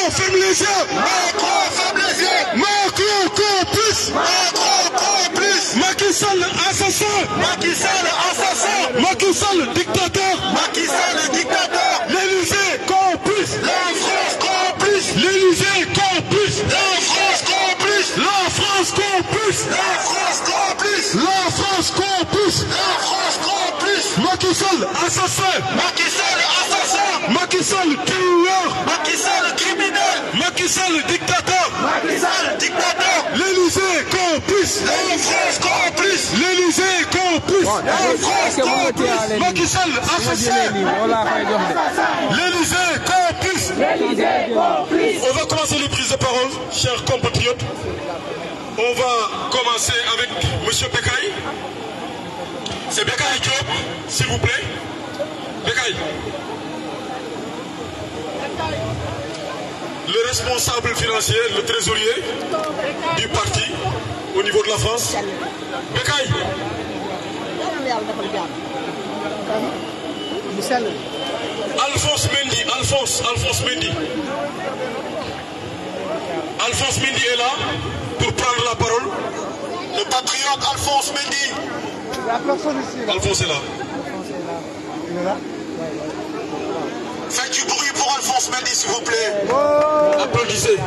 Macron ferme les yeux Macron ferme les yeux Macron complice Macron complice Macky Sall assassin Macky Sall assassin dictateur Macky dictateur L'Élysée complice La France complice L'Élysée complice La France complice La France complice La France complice La France complice La France assassin Macky Sall assassin Macky Sall tueur Macky Sall, le dictateur. Macky Sall, le dictateur. L'Élysée complice. L'Élysée complice. L'Élysée complice. France complice. Macky Sall, assassin. L'Élysée complice. L'Élysée complice. On va commencer les prises de parole, chers compatriotes. On va commencer avec M. Bekaï. C'est Bekaï Diop, s'il vous plaît. Bekaï. Bekaï le responsable financier, le trésorier du parti au niveau de la France. Michel, Alphonse Mendy, Alphonse, Alphonse Mendy. Alphonse Mendy est là pour prendre la parole. Le patriote Alphonse Mendy. Alphonse est là. Alphonse est là. Il est là. Faites du bruit pour Alphonse Mendy, s'il vous plaît. Applaudissez.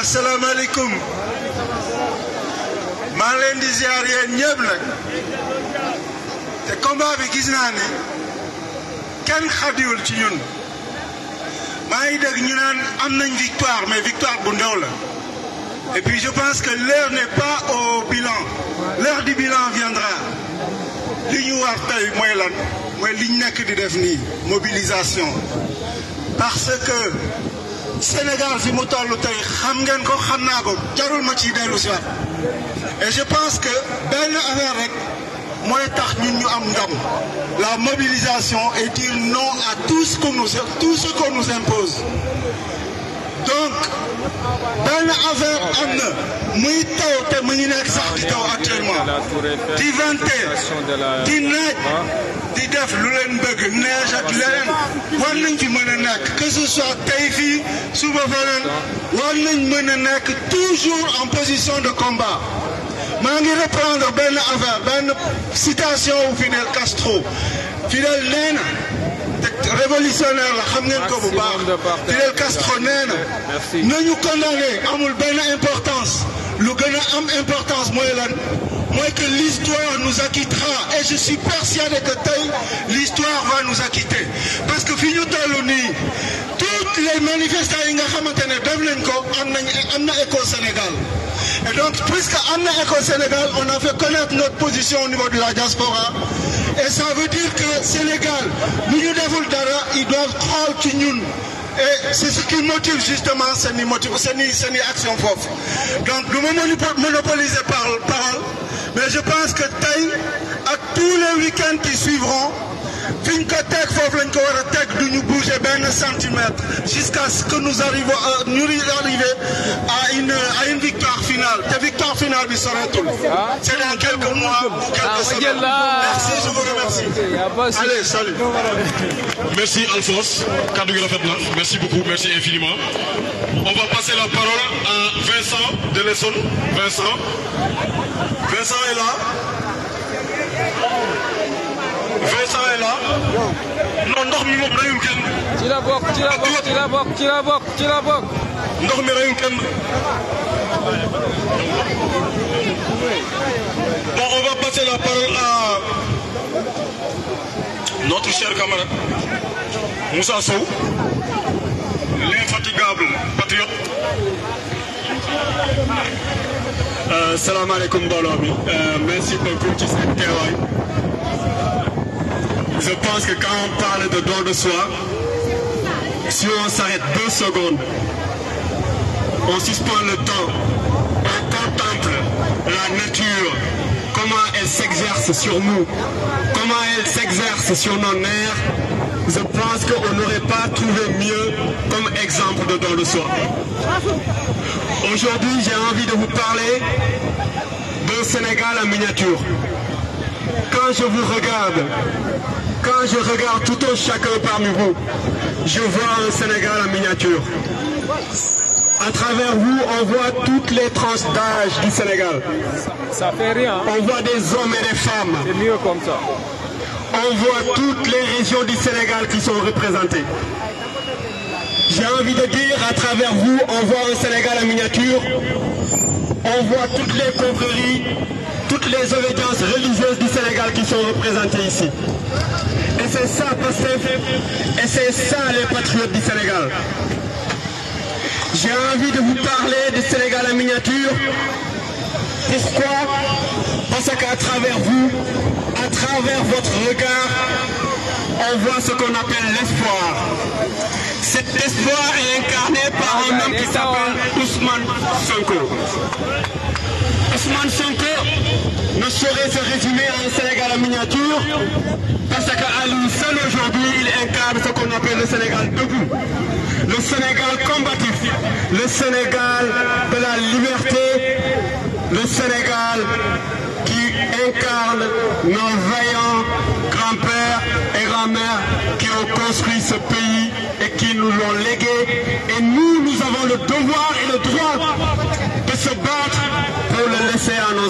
Assalamu alaikum. Malin disait di ziar combat avec Giznani. Quel ne kenn xadiwul ci une victoire mais victoire bu et puis je pense que l'heure n'est pas au bilan l'heure du bilan viendra li ñu war tey mooy lan mooy liñ nekk di def nii mobilisation parce que Sénégal fi mu toll tey xam ngeen ko xam naa ko jarul ma ciy dellu si waat et je pense que belle affaire rek mooy tax ñun ñu am ndam la mobilisation est dire non à tout ce que nous tout ce qu'on nous impose donc ben affaire am muy taw te mu nek sax di taw actuellement di vente di naaj di def lu len bëgg neige ak leneen war nañ que ce soit taifi fii suba feneen war nañ mën toujours en position de combat maa ngi reprendre ben avant, citation wu Fidel Castro Fidel révolutionnaire la xam ngeen ko bu Fidel Castro nous nous amul importance nous avons importance moi que l'histoire nous acquittera et je suis persuadé que l'histoire va nous acquitter parce que fi toutes les manifestations qui nga été faites, ko Sénégal et donc puisque on na écho Sénégal on a fait connaître notre position au niveau de la diaspora et ça veut dire que Sénégal Nous Milieu des dara ils doivent croire ci ñun et c'est ce qui motive justement c'est une action nous donc nous pas monopoliser par parole mais je pense que Thaï, à tous les week-ends qui suivront fi tech ko teg nous nous bouger centimètre jusqu'à ce que nous arrivons arriver à une à une victoire finale La victoire finale bi tout. Ah. c'est dans quelques mois ou quelques ah, semaines. merci je vous remercie. allez salut. merci Alphonse merci beaucoup merci infiniment on va passer la parole à Vincent de Lesson. Vincent Vincent est là. Vincent est là non ndox mi moom reyul kenn. ci la bokk ci la bokk ci la bokk ci la bokk ci la bokk. ndox mi reyul kenn. Bon, on va passer la parole à notre cher camarade Moussa Sow, l'infatigable patriote. Euh, salam alaikum, Balobi. Euh, merci beaucoup, Tisset Tewaï. Je pense que quand on parle de don de soi, si on s'arrête deux secondes, on suspend le temps, on contemple la nature, comment elle s'exerce sur nous, comment elle s'exerce sur nos nerfs, je pense qu'on n'aurait pas trouvé mieux comme exemple de don de soi. Aujourd'hui, j'ai envie de vous parler d'un Sénégal en miniature. Quand je vous regarde, quand je regarde tout au chacun parmi vous, je vois un Sénégal en miniature. À travers vous, on voit toutes les tranches d'âge du Sénégal. Ça fait rien. Hein. On voit des hommes et des femmes. mieux comme ça. On voit toutes les régions du Sénégal qui sont représentées. J'ai envie de dire, à travers vous, on voit un Sénégal en miniature. On voit toutes les confréries, toutes les obédiences religieuses du Sénégal qui sont représentées ici. Et c'est ça, et c'est ça les patriotes du Sénégal. J'ai envie de vous parler du Sénégal en miniature. Pourquoi Parce qu'à travers vous, à travers votre regard, on voit ce qu'on appelle l'espoir. Cet espoir est incarné par un homme qui s'appelle Ousmane Sonko. Ousmane Sonko ne saurait se résumer à un Sénégal en miniature, parce qu'à lui seul aujourd'hui, il incarne ce qu'on appelle le Sénégal debout. Le Sénégal combatif, le Sénégal de la liberté, le Sénégal qui incarne nos vaillants grands-pères et grands-mères qui ont construit ce pays et qui nous l'ont légué. Et nous, nous avons le devoir et le droit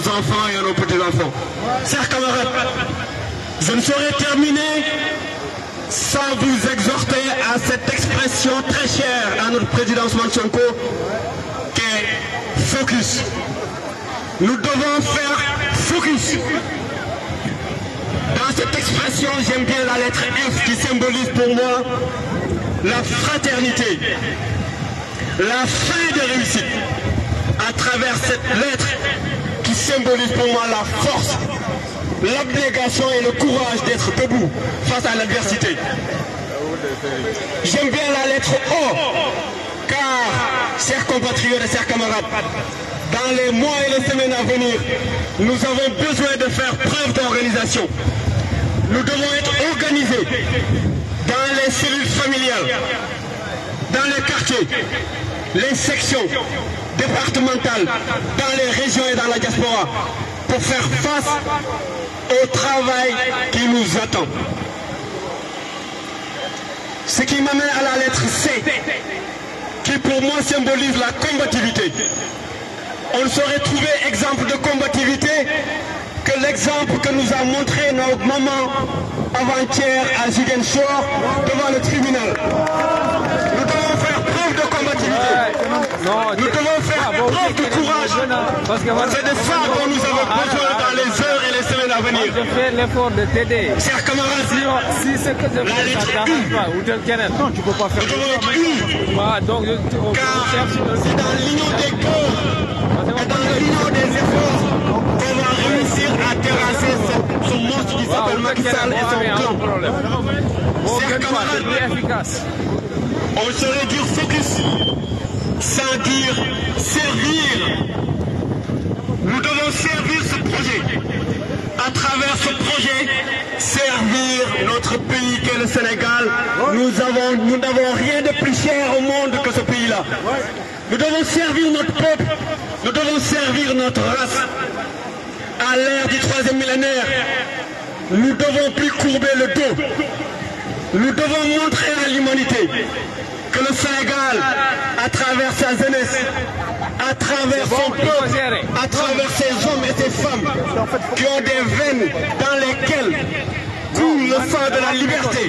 enfants et à nos petits-enfants. Chers camarades, je ne saurais terminer sans vous exhorter à cette expression très chère à notre président Swansonko, qui est focus. Nous devons faire focus. Dans cette expression, j'aime bien la lettre F qui symbolise pour moi la fraternité, la fin de réussite. À travers cette lettre, symbolise pour moi la force, l'abnégation et le courage d'être debout face à l'adversité. J'aime bien la lettre O, car, chers compatriotes et chers camarades, dans les mois et les semaines à venir, nous avons besoin de faire preuve d'organisation. Nous devons être organisés dans les cellules familiales, dans les quartiers, les sections, départementales, dans les régions et dans la diaspora, pour faire face au travail qui nous attend. Ce qui m'amène à la lettre C, qui pour moi symbolise la combativité. On ne saurait trouver exemple de combativité que l'exemple que nous a montré notre maman avant-hier à Ziguinchor devant le tribunal. Nous devons faire preuve de combativité nous devons faire ah, preuve de courage. Hein, parce c'est de ça que nous avons ah, besoin ah, dans les heures et les semaines à venir. Je fais l'effort de t'aider. si, c'est que je fais, ça Non, tu ne peux pas faire. Nous bah, C'est dans l'union des corps et dans l'union des efforts qu'on va réussir à terrasser ce, monstre qui bah, s'appelle Macky et son hein, on serait dur focus dire servir. Nous devons servir ce projet. À travers ce projet, servir notre pays qu'est le Sénégal. Nous n'avons nous rien de plus cher au monde que ce pays-là. Nous devons servir notre peuple, nous devons servir notre race. À l'ère du troisième millénaire, nous devons plus courber le dos. Nous devons montrer à l'humanité que le Sénégal à travers sa jeunesse, à travers son peuple, à travers ses hommes et ses femmes qui ont des veines dans lesquelles coule le sang de la liberté,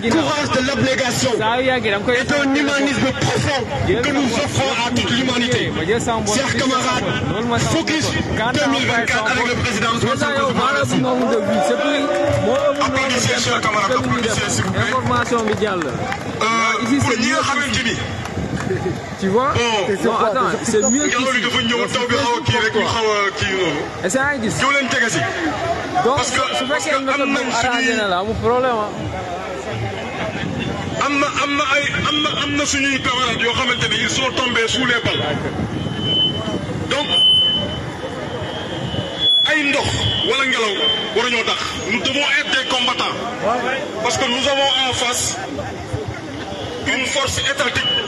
du courage de l'obligation et d'un humanisme profond que nous offrons à toute l'humanité. Chers camarades, Focus 2024 avec le président Ousmane Applaudissez, chers camarades, de s'il vous plaît tu vois c'est mieux c'est que que parce que problème hein. ils sont tombés sous les balles. donc ay ndox wala nous devons être des combattants. parce que nous avons en face une force étatique.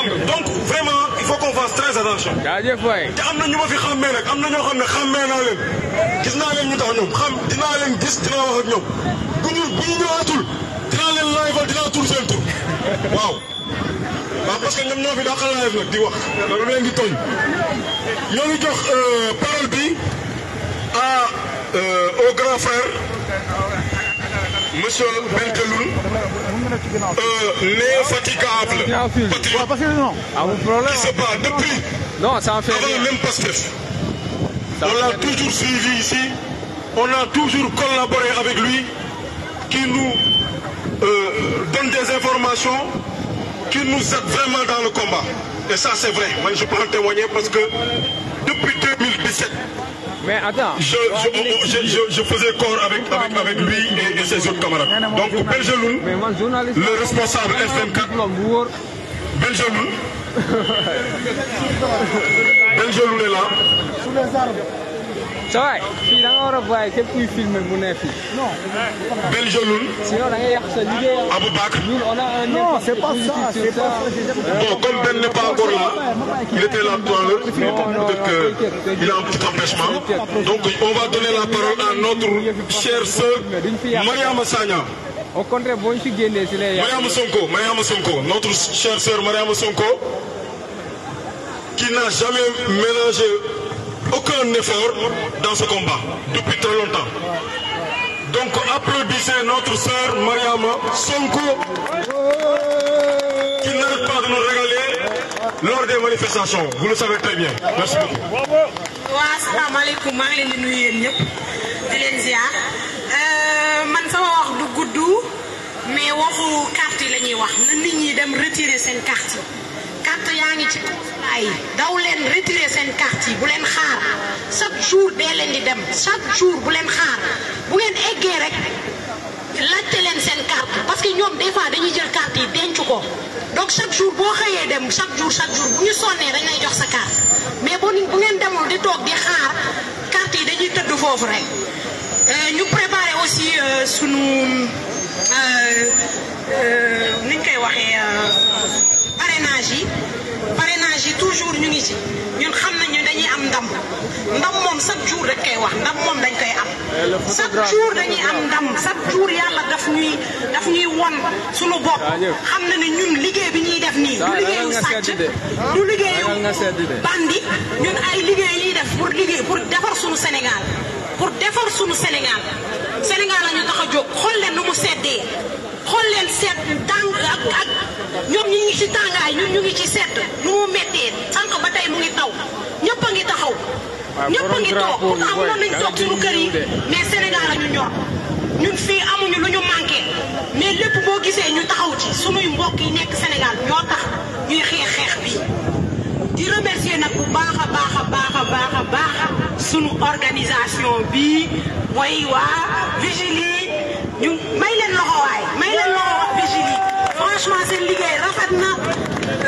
xam nga donc vraiment il faut qu'on fasse très attention. jaajëf waay. te am na ñu ma fi xàmmee nag am na ñoo xam ne xàmmee naa leen gis naa leen ñu tax ñoom xam dinaa leen gis dinaa wax ak ñoom bu ñu bu ñu ñëwaatul dinaa leen live dinaa tur seen tur waaw. waaw parce que ñoom ñoo fi dàqal live nag di wax loolu leen di tooñ ñoo ngi jox euh, parole bi à euh, au grand frère. monsieur Benkeloun, euh, fatigable, patriote ah, qui se bat depuis non, ça en fait avant même On l'a toujours suivi ici, on a toujours collaboré avec lui, qui nous euh, donne des informations, qui nous aide vraiment dans le combat. Et ça, c'est vrai. Moi, je peux en témoigner parce que depuis 2017, mais attends. Je, faisais corps avec, lui et, ses autres camarades. Donc Belgelou, le responsable FM4, Belgeloun, Belgeloun est là. C'est vrai fii da nga fait a bàyyi vous n'avez non belle jeune. sinon on a un. non c'est pas ça c'est pas ça. bon comme Ben n'est pas encore là il était là tout à l'heure, que il a un petit empêchement donc on va donner la parole à notre chère sœur Mariama Sagna. au contraire bon, si fi si lay. Mariama Sonko Mariama Sonko notre chère sœur Mariama Sonko qui n'a jamais mélangé aucun effort dans ce combat depuis très longtemps. Donc applaudissez notre sœur Mariama Sonko qui n'arrête pas de nous régaler lors des manifestations. Vous le savez très bien. Merci beaucoup. asalaamaaleykum maa ngi leen di di ziar euh, man sama wax du mais waxu carte yi la wax na retirer carte carte yaa ngi ci consulat yi daw leen retirer seen carte yi bu leen xaar chaque jour dee leen di dem chaque jour bu leen xaar bu ngeen eggee rek laajte leen seen carte parce ñoom des fois dañuy jël carte yi denc ko donc chaque jour boo xëyee dem chaque jour chaque jour bu ñu sonnee dañ lay jox sa carte mais bu bu ngeen demul di toog di xaar carte yi dañuy tëdd foofu rek euh, ñu préparer aussi euh, sunu. Euh, jour ñu ngi ci ñun xam nañu dañuy am ndam ndam moom chaque jour rek koy wax ndam moom dañ koy am chaque jour dañuy am ndam chaque jour yàlla daf ñuy daf ñuy won suñu bopp xam na ne ñun liggéey bi ñuy def nii du liggéeyu sàcc du liggéeyu bandi ñun ay liggéey ñuy def pour liggéey pour defar suñu Sénégal pour defar suñu Sénégal Sénégal la tax a jóg xool leen nu mu seddee xool leen seet tàng ak ñoom ñu ngi ci tàngaay ñun ñu ngi ci sedd nu mu méttee sànq ba tey mu ngi taw ñëpp a ngi taxaw. ñëpp a ngi toog pour am noonu lañ toog suñu kër yi mais Sénégal la ñu ñor ñun fii amuñu lu ñu manqué mais lépp boo gisee ñu taxaw ci sunuy mbokk yi nekk Sénégal ñoo tax ñuy xeex xeex bi di remercier nag bu baax baax baax baax baax sunu organisation bi mooy waa vigile yi ñu may leen loxo franchement seen liggéey ligue. na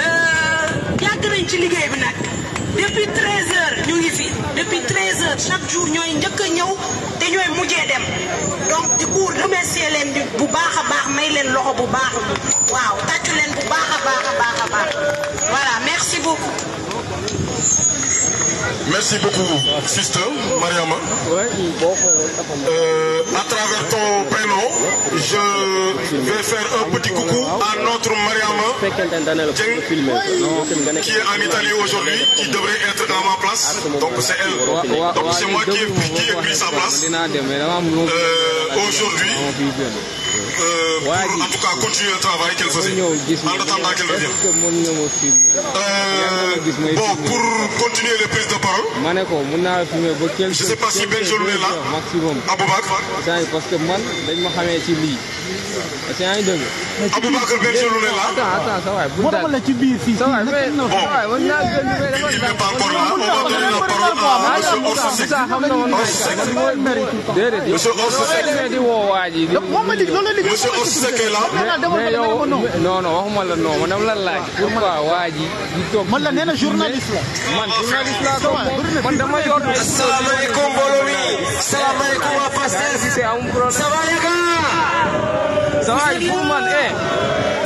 euh, yàgg nañ ci liggéey bi depuis 13 heures ñu ngi fi depuis 13 heures chaque jour ñooy njëkk a ñëw te ñooy mujjee dem donc di ko remercier leen di bu baax à baax may leen loxo bu baax waaw tàccu leen bu baax a baax baax voilà merci beaucoup. Merci beaucoup, sister Mariama. Euh, à travers ton prénom, je vais faire un petit coucou à notre Mariama qui est en Italie aujourd'hui, qui devrait être à ma place. Donc c'est elle. Donc c'est moi qui ai, pris sa place euh, aujourd'hui. Euh, en tout cas continuer le travail qu'elle faisait en attendant qu'elle revienne. Euh, bon, pour continuer les prises de parole, je ne sais pas si belle est là, parce que Aboubacar. parce que yaa ngi dégg. Aboubacar Bergeron ne la. attends attends sa waay bu dal la ci biir fii. sa waay mais bon il n'est pas encore là on va donner la parole à monsieur Orsec. déedéet. monsieur Orsec di woo waa ji. monsieur Orsec est là. mais yow non non waxuma la non man dama la laaj. pourquoi waa ji di toog. man la nee na journaliste la. man journaliste laa toog man dama yor. asalaamaaleykum mbooloo mi. salaamaaleykum waa Pastef. ça va les gars. sa waay pour man eh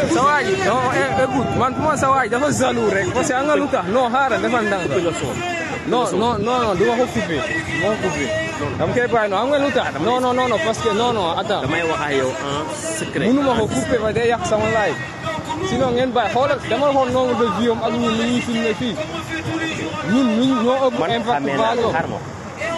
sa waay non eh, écoute man pour man sa dafa jaloux rek parce que am nga lu tax non xaaral dafa ndànk non non non du ma ko coupé du ma ko coupé dama koy bàyyi noonu am nga lu tax ba day yàq sama laay sinon ngeen bàyyi xoolal dama xool nombre de vie am ñun li ñuy filmé fii ñun ñun ñoo ëpp impact valeur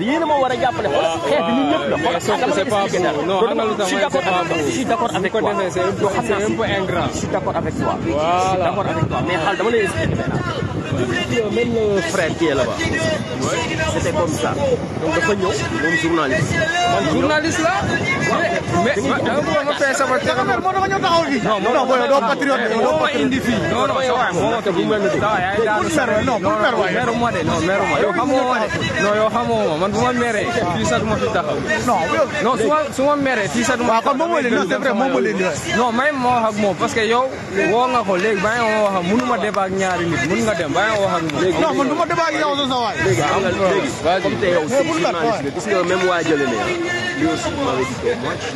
yéen a ma war a jàppale xool ah, xeex bi ñun ñëpp la xool dama lay expliqué dara non xam nga lu tax je suis d'accord avec toi je suis d'accord avec toi mais xaal dama lay expliqué même le frère qui est là-bas. Ouais. C'était comme ça. Donc dafa ñëw moom journaliste. man journaliste la. mais mais ma taxaw fii. non non doo patriote doo ma indi fii. non non yow xamoo ma man bu ma meree fii sax du ma fi taxaw. non su ma su ma meree fii sax du moo leen di c'est vrai may ma wax ak moom yow woo nga ko léegi bàyyi ma wax ak ma débat ak ñaari nit mën nga dem non man du ma a ak yow sa sa waay. léegi am na comme tey yow gis nga même waa Jalle ne lui aussi m'avait dit que moi je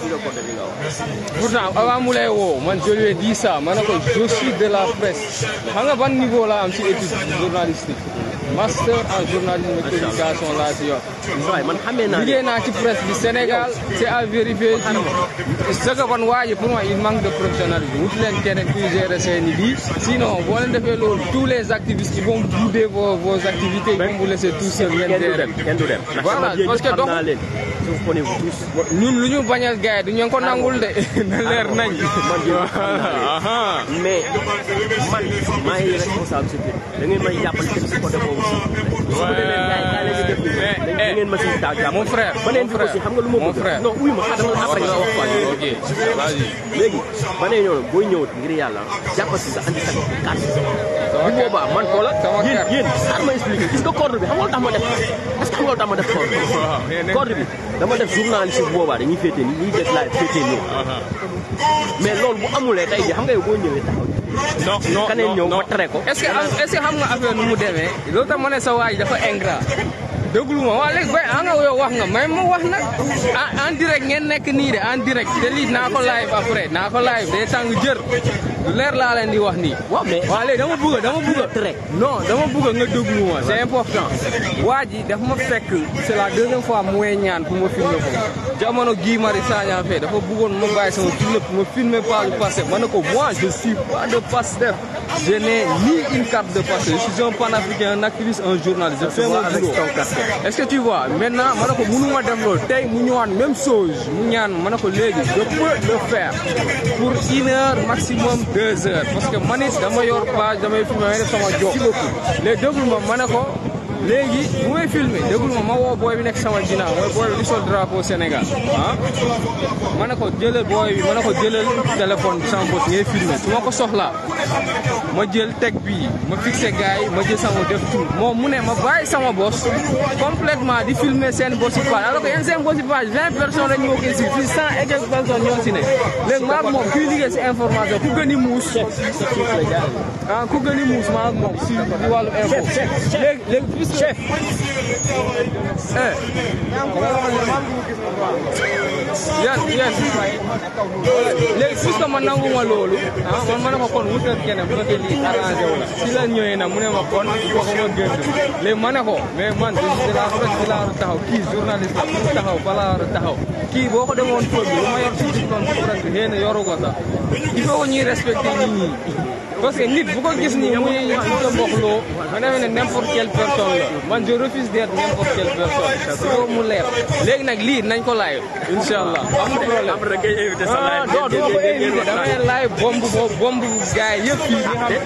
suis un man je lui ma ne ko de la presse xam nga ban am si étude journalistique. master en journalisme et communication là, si yor. liggéey naa ci presse du Sénégal c'est à vérifier ce que vous voyez, pour moi il manque de professionnalisme Vous leen qui kuy gérer seen i lii sinon vous allez tous les activistes qui vont bouder vos activités ils vont vous laisser tout seul ngeen. voilà parce que donc. comprenez-vous tous ñun lu ñu bañal gaay du ñu ko nangul de na leer anu nañ man man maay responsable ci biir da ngeen may jàppal ci ci côté boobu su eh, ma demee gaay gaay la ñu def boy ñëw ngir yàlla jàppal ci sa andi sa carte bu boobaa man ko la yéen yéen xaar ma expliquer gis nga corde dama def journaliste bu boobaa dañu féete nii ñuy def live féete nii. mais loolu bu amulee tey jii xam nga yow boo ñëwee taxaw. non non kaneen ñëw ma tere ko. est-ce que est-ce que xam nga affaire nu mu demee loolu tax ma ne sa waay dafa ingrat. déglu ma waa léegi bay a ah nga yow wax nga mais ma wax na ah, en direct ngeen nekk nii de en direct te naa ko live après naa ko live day tàng jër. leer laa leen di wax nii. waaw mais waaw dama bëgg dama bëgg non dama bëgg nga déglu ma c'est important. waa ji daf ma fekk c'est la deuxième fois mu wey ñaan pour ma filmer jamono gii ma Sagnan fee dafa bëggoon ma bàyyi sama film ma filmer pas lu Pastef ma ne ko moi je suis pas de Je n'ai ni une carte de passé. Je suis un panafricain, un activiste, un journaliste. Je fais mon Est-ce que tu vois Maintenant, même chose. je peux le faire pour une heure, maximum deux heures. Parce que Manis, dans ma page, dans ma dans ma beaucoup Les deux, léegi bu may filmé déglu ma ma woo booy bi nekk sama ginnaaw mooy booy bi di sol drapeau Sénégal ah ma ne ko jëlal booy bi ma ne ko jëlal téléphone bi sama bët ngay filmé su ma ko soxlaa ma jël teg bii ma fixé gars yi ma jël sama def tout moom mu ne ma bàyyi sama bos complètement di filmé seen bossi page alors que yéen seen bossi page vingt personnes la ñu woo kii si fii cent et quelques personnes ñoo si ne léegi ma ak moom kuy liggéey si information ku gën di muus ah ku gën si di wàllu info. léegi léegi puisque chef. Eh. yan yan léegi ma nangu ma loolu ah man ma ne ma kon wutal keneen bu fekkee lii arrangé la si la ñëwee mu ne ma kon kooku ma gën léegi ma ne ko mais man de la presse laa a taxaw kii journaliste la pour taxaw fa kii boo ko demoon tool bi lu ma yor si si tool bi presque xëy na yoru ko sax il faut parce que nit bu ko gis nii muy Moussa Mokho Lo ma demee ne n'importe quelle personne la man je refuse d'être n'importe quelle personne. il faut mu leer léegi nag lii nañ ko laaj. incha allah amul problème après da ngay invité sa laaj. Ah, ma ko invité damay laaj bomb boobu bomb gars yi yëpp xam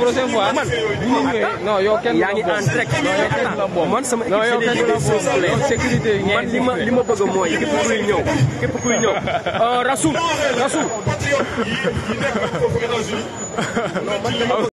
prochaine fois. bu ñu ñëwee non yow kenn la bomb yaa ngi en direct. non sécurité yi li ma li ma bëgg mooy képp kuy ñëw képp kuy euh, Il est ñi nekk foofu